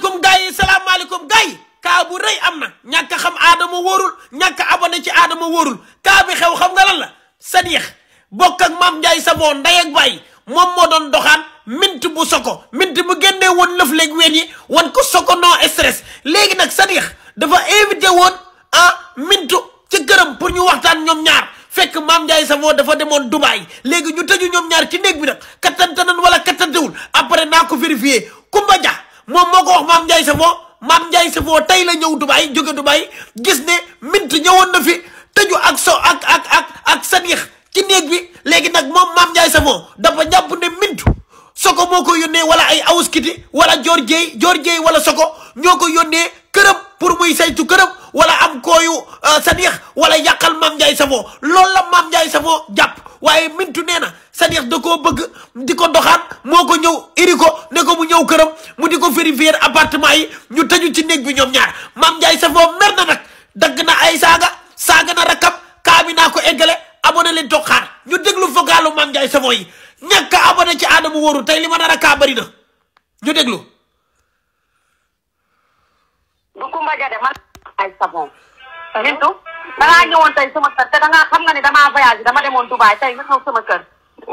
salaamaaleykum gars yi salaamaaleykum gars yi kaa bu rëy am na ñàkk a xam aadama wóorul ñàkk a abonné ci aadama wóorul kaa bi xew xam nga lan la Sadikh bokk ak maam Ndiaye Savon ndey ak baay moom moo doon doxaan mint bu soko mint bu génnee woon lëf léeg ween yi wan ko soko non stress léegi nag Sadikh dafa invité woon ah mintu ci këram pour ñu waxtaan ñoom ñaar fekk maam Ndiaye Savon dafa demoon Dubaay léegi ñu tëju ñoom ñaar ci néeg bi nag kattante nan wala kattantewul après naa ko vérifié Kumba moom moo ko wax Mame Ndiaye Savon Mame Ndiaye tey la ñëw Dubaay jóge Dubaay gis ne mint ñëwoon na fi tëju ak so ak ak ak ak Sanekh ci néeg bi léegi nag moom Mame Ndiaye Savon dafa jàpp ne mintu soko moo ko yónnee wala ay awuskiti wala joor Dieye joor Dieye wala soko ñoo ko yónnee këram pour muy saytu këram wala am kooyu Sanekh wala yàqal Mame Ndiaye Savon loolu la Mame Ndiaye Savon jàpp waaye mintu nee na cest à da koo bëgg di ko doxaan moo ko ñëw iri ko ne ko mu ñëw këram mu di ko vérifier appartement yi ñu tëju ci néeg bi ñoom ñaar Mame Ndiaye Savon mer na nag dagg na ay saaga saaga na rakkam kaa bi naa ko eggale abonné leen toog xaar ñu déglu vocalu Mame Ndiaye Savon yi ñàkk a abonné ci Adama Wóoru tey li ma nar kaa bëri na ñu déglu. du Kumba Gade man ay da ngaa ñëwoon tey sama kër te da ngaa xam nga ne damaa voyage dama demoon Dubaay tey nga ñëw sama kër.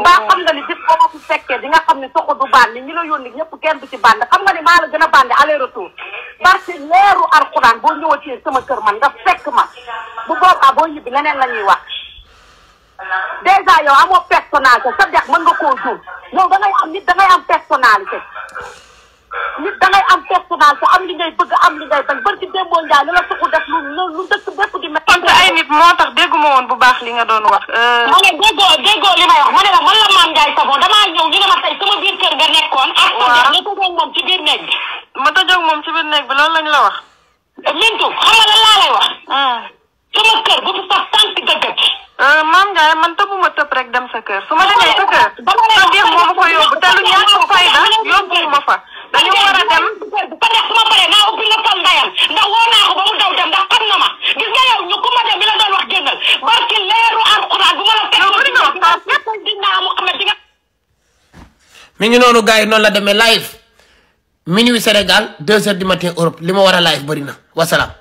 mbaa xam nga ni bis boo ma fi fekkee di nga xam ne soxo du bànn ñi la yónni ñëpp kenn du ci bànn nga ne maa la a bànn aller retour. parce que leeru alxuraan boo ñëwatee sama kër man nga fekk ma bu boobaa boo ñibbi leneen la ñuy wax. dèjà yow amoo da am nit da ngay am personnalité. nit da ngay am personnalité am li ngay bëgg am li ngay bañ bari ci démboo njaay li la suqu def lu lu dëkk ñaari nit moo tax dégguma woon bu baax li nga doon wax. Euh. ma ma ne la man la Mame Ndiaye Savon damaa ñëw ñu ne ma tey nga nekkoon. waaw ak ma tëjoog moom ci biir néeg bi. ma tëjoog moom ci biir néeg bi loolu lañ la wax. Eh, Mintu xam nga lan laa lay wax. Ah. sama kër bu fi sax tànk dëgg. Euh, Mame Ndiaye man tëbuma tëb rek dem sa kër. su ma sa kër. Ah, sa ko yóbbu te lu mi ngi noonu gars yi noonu la demee live minuit Sénégal deux heures du matin Europe li ma war a live bëri na wasalaam.